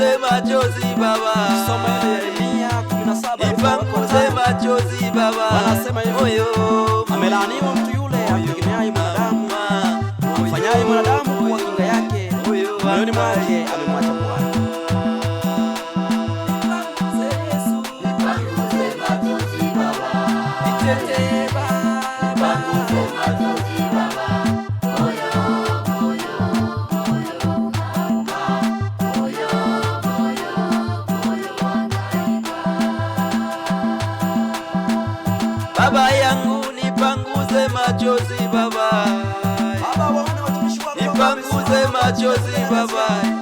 Ipanguze machozi baba, machozi baba, moyo amelaaniwa mtu yule amtegemeaye mwanadamu, amfanyaye mwanadamu kuwa kinga yake, moyoni mwake amemwacha Bwana. Yesu, machozi baba, itetee ipanguze machozi babai ipanguze machozi babai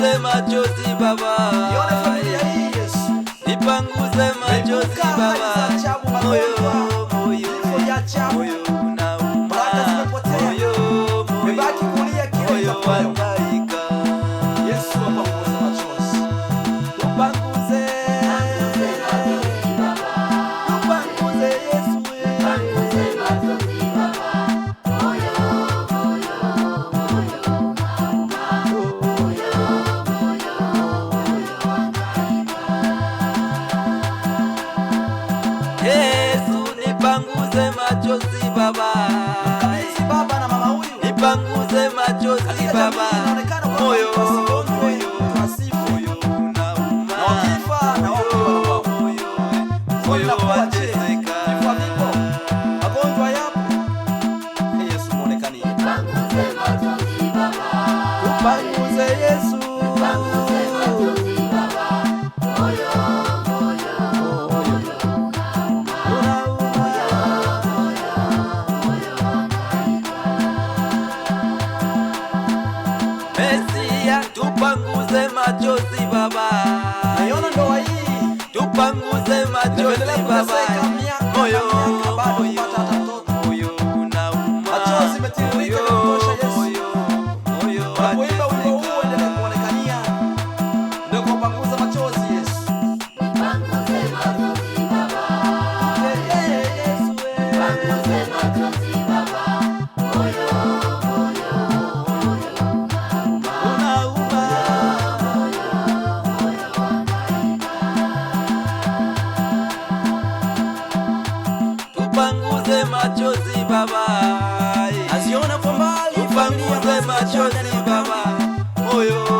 Nipanguze machozi Baba, nipanguze machozi Baba, moyo moyo moyo unauma, moyo moyo moyo wabaika pangu sema chozi babaya moyo moyo Upanguze machozi baba, aziona kwa mbali, upanguze machozi baba moyo